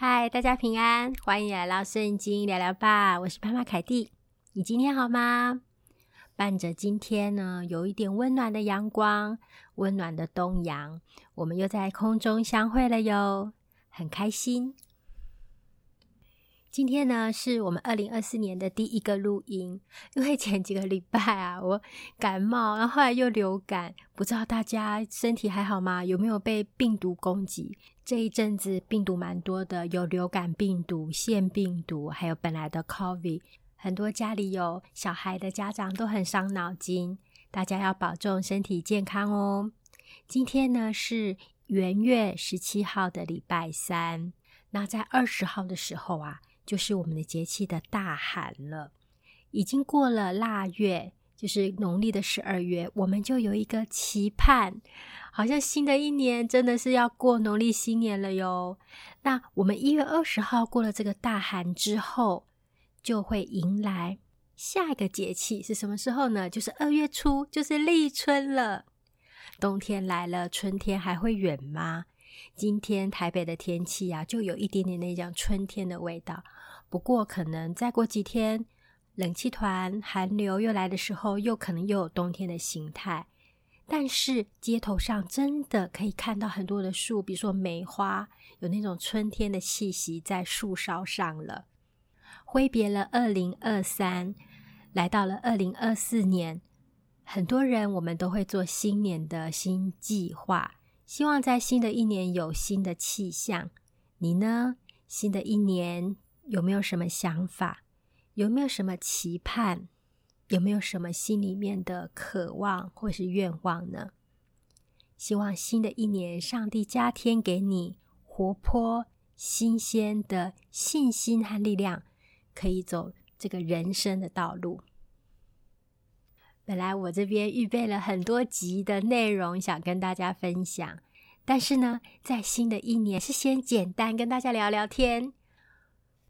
嗨，Hi, 大家平安，歡迎來到聖經聊聊吧。我是媽媽凱蒂，你今天好嗎？伴着今天呢，有一點溫暖的陽光，溫暖的冬陽，我們又在空中相會了喲，很開心。今天呢，是我們二零二四年的第一個錄音。因為前幾個禮拜啊，我感冒，然後後來又流感，不知道大家身體還好嗎？有沒有被病毒攻擊？這一陣子病毒蠻多的，有流感病毒、腺病毒，還有本來的 COVID。很多家裡有小孩的家長都很傷腦筋。大家要保重身體健康哦。今天呢，是元月十七號的禮拜三。那在二十號的時候啊，就是我們的節氣的大寒了，已經過了臘月，就是農曆的十二月，我們就有一個期盼，好像新的一年真的是要過農曆新年了喲。那我們一月二十號過了這個大寒之後，就會迎來下一個節氣是什麼時候呢？就是二月初，就是立春了。冬天來了，春天還會遠嗎？今天台北的天氣啊，就有一點點那種春天的味道。不過，可能再過幾天，冷氣團寒流又來的時候，又可能又有冬天的形態。但是，街頭上真的可以看到很多的樹，比如說梅花，有那種春天的氣息在樹梢上了。揮別了二零二三，來到了二零二四年，很多人我們都會做新年的新計劃。希望在新的一年有新的氣象，你呢？新的一年有沒有什麼想法？有沒有什麼期盼？有沒有什麼心裡面的渴望或是願望呢？希望新的一年，上帝加添給你活潑、新鮮的信心和力量，可以走這個人生的道路。本來我這邊預備了很多集的內容想跟大家分享，但是呢，在新的一年是先簡單跟大家聊聊天。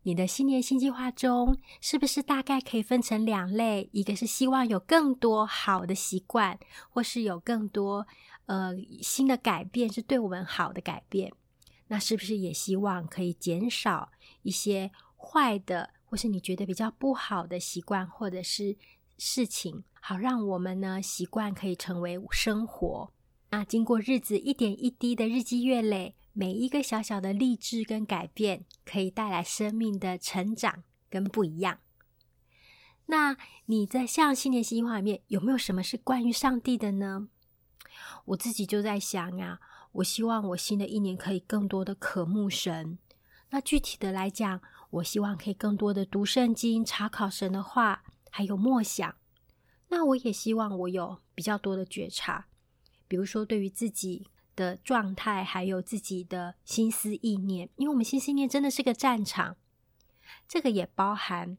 你的新年新計劃中，是不是大概可以分成兩類？一個是希望有更多好的習慣，或是有更多呃新的改變，是對我們好的改變。那是不是也希望可以減少一些壞的，或是你覺得比較不好的習慣或者是事情？好，讓我們呢習慣可以成為生活。那經過日子一點一滴的日積月累，每一個小小的立志跟改變，可以帶來生命的成長跟不一樣。那你在向新年新計劃裡面有沒有什麼是關於上帝的呢？我自己就在想呀、啊，我希望我新的一年可以更多的渴慕神。那具體的來講，我希望可以更多的讀聖經、查考神的話，還有默想。那我也希望我有比較多的覺察，比如說對於自己的狀態，還有自己的心思意念，因為我們心思意念真的是個戰場。這個也包含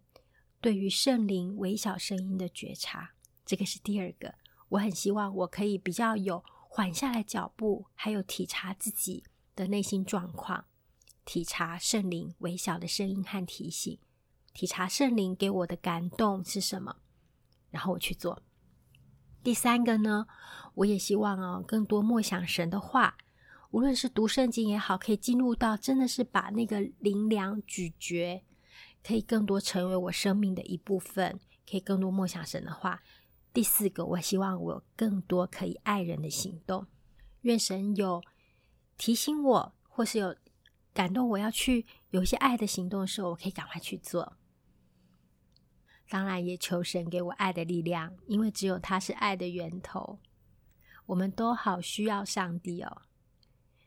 對於聖靈微小聲音的覺察，這個是第二個。我很希望我可以比較有緩下來腳步，還有體察自己的內心狀況，體察聖靈微小的聲音和提醒，體察聖靈給我的感動是什麼？然後我去做。第三個呢，我也希望哦，更多默想神的話，無論是讀聖經也好，可以進入到真的是把那個靈糧咀嚼，可以更多成為我生命的一部分，可以更多默想神的話。第四個，我希望我有更多可以愛人的行動，願神有提醒我，或是有感動我要去有一些愛的行動的時候，我可以趕快去做。當然也求神給我愛的力量，因為只有他是愛的源頭。我們都好需要上帝哦。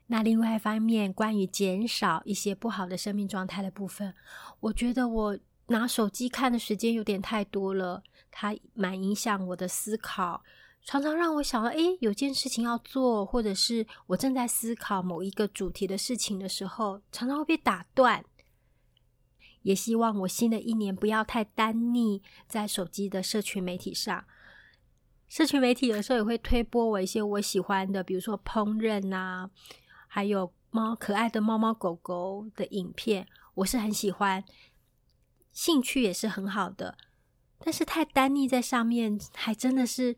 那另外一方面，關於減少一些不好的生命狀態的部分，我覺得我拿手機看的時間有點太多了，它蠻影響我的思考，常常讓我想到，誒，有件事情要做，或者是我正在思考某一個主題的事情的時候，常常會被打斷。也希望我新的一年不要太耽溺在手機的社群媒體上。社群媒體有時候也會推播我一些我喜歡的，比如說烹飪啊，還有貓可愛的貓貓狗狗的影片，我是很喜歡，興趣也是很好的。但是太耽溺在上面，還真的是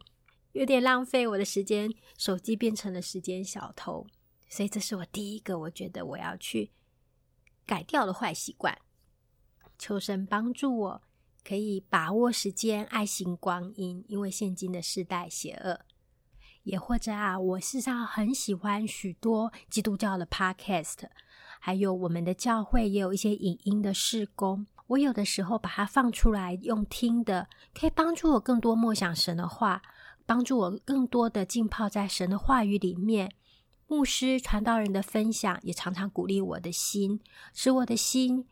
有點浪費我的時間，手機變成了時間小偷。所以這是我第一個，我覺得我要去改掉的壞習慣。求神幫助我，可以把握時間，愛惜光陰。因為現今的世代邪惡，也或者啊，我事實上很喜歡許多基督教的 podcast，還有我們的教會也有一些影音的事工。我有的時候把它放出來用聽的，可以幫助我更多默想神的話，幫助我更多的浸泡在神的話語裡面。牧師傳道人的分享也常常鼓勵我的心，使我的心，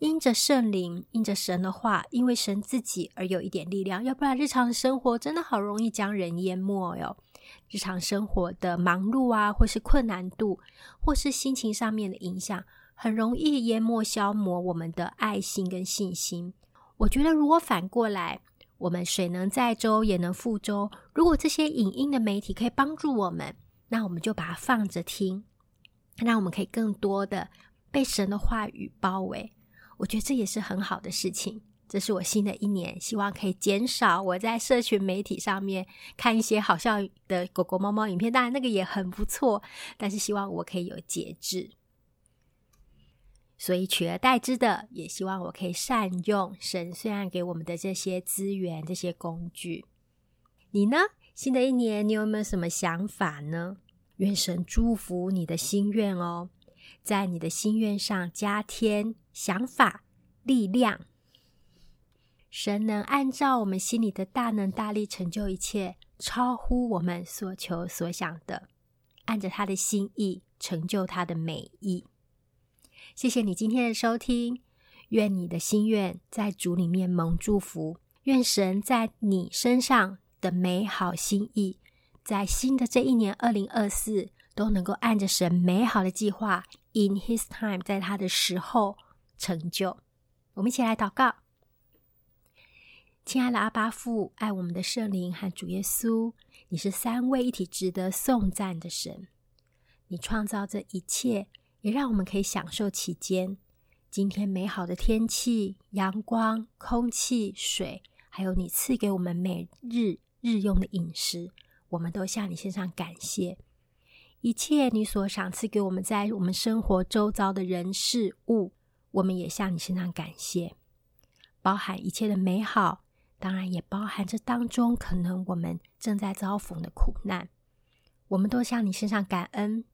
因着聖靈，因着神的話，因為神自己而有一點力量。要不然，日常生活真的好容易將人淹沒喲、哦。日常生活的忙碌啊，或是困難度，或是心情上面的影響，很容易淹沒消磨我們的愛心跟信心。我覺得，如果反過來，我們水能載舟，也能覆舟。如果這些影音的媒體可以幫助我們，那我們就把它放着聽，讓我們可以更多的被神的話語包圍。我覺得這也是很好的事情。這是我新的一年，希望可以減少我在社群媒體上面看一些好笑的狗狗貓貓影片。當然那個也很不錯，但是希望我可以有節制。所以取而代之的，也希望我可以善用神雖然給我們的這些資源、這些工具。你呢？新的一年，你有沒有什麼想法呢？願神祝福你的心願哦。在你的心願上加添想法、力量，神能按照我們心裡的大能大力成就一切，超乎我們所求所想的，按着他的心意成就他的美意。謝謝你今天的收聽，願你的心願在主裡面蒙祝福，願神在你身上的美好心意，在新的這一年2024。都能夠按着神美好的計劃，in His time，在他的時候成就。我們一起來禱告，親愛的阿爸父，愛我們的聖靈和主耶穌，你是三位一體、值得頌讚的神。你創造這一切，也讓我們可以享受其間。今天美好的天氣、陽光、空氣、水，還有你賜給我們每日日用的飲食，我們都向你獻上感謝。一切你所賞賜給我們，在我們生活周遭的人事物，我們也向你身上感謝。包含一切的美好，當然也包含這當中可能我們正在遭逢的苦難，我們都向你身上感恩，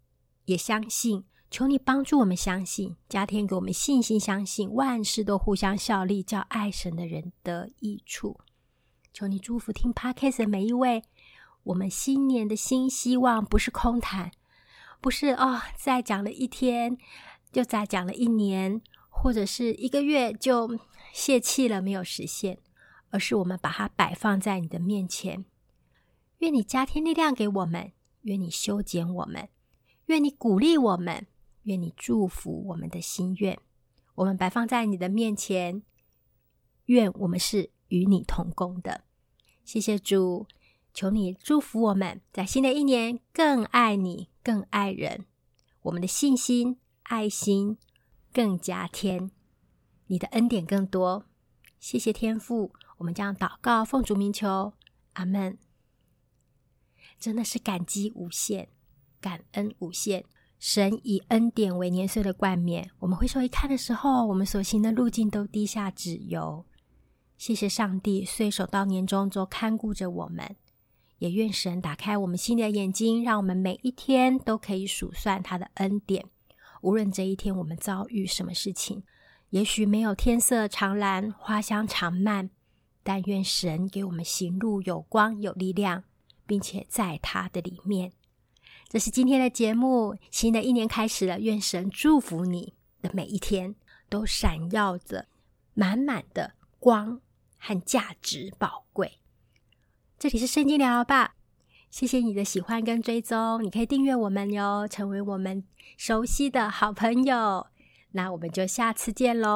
也相信，求你幫助我們相信，加添給我們信心，相信萬事都互相效力，叫愛神的人得益處。求你祝福聽 Podcast 的每一位。我們新年的新希望不是空談，不是哦，再講了一天，就再講了一年，或者是一個月就洩氣了，沒有實現，而是我們把它擺放在你的面前。願你加添力量給我們，願你修剪我們，願你鼓勵我們，願你祝福我們的心願。我們擺放在你的面前，願我們是與你同工的。謝謝主。求你祝福我們，在新的一年更愛你、更愛人。我們的信心、愛心更加添，你的恩典更多。謝謝天父，我們將禱告、奉主名求，阿門。真的是感激無限，感恩無限。神以恩典為年歲的冠冕，我們回首一看的時候，我們所行的路徑都滴下脂油。謝謝上帝，歲首到年終，做看顧着我們。也願神打開我們心的眼睛，讓我們每一天都可以數算他的恩典。無論這一天我們遭遇什麼事情，也許沒有天色常藍、花香常漫，但願神給我們行路有光、有力量，並且在他的裡面。這是今天的節目。新的一年開始了，願神祝福你的每一天都閃耀着滿滿的光和價值、寶貴。這裡是聖經聊聊吧，謝謝你的喜歡跟追蹤，你可以訂閱我們喲，成為我們熟悉的好朋友。那我們就下次見嘍，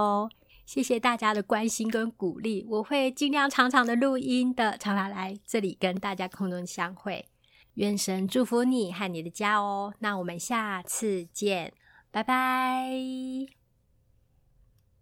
謝謝大家的關心跟鼓勵，我會盡量常常的錄音的，常常來這裡跟大家空中相會。願神祝福你和你的家哦，那我們下次見，拜拜。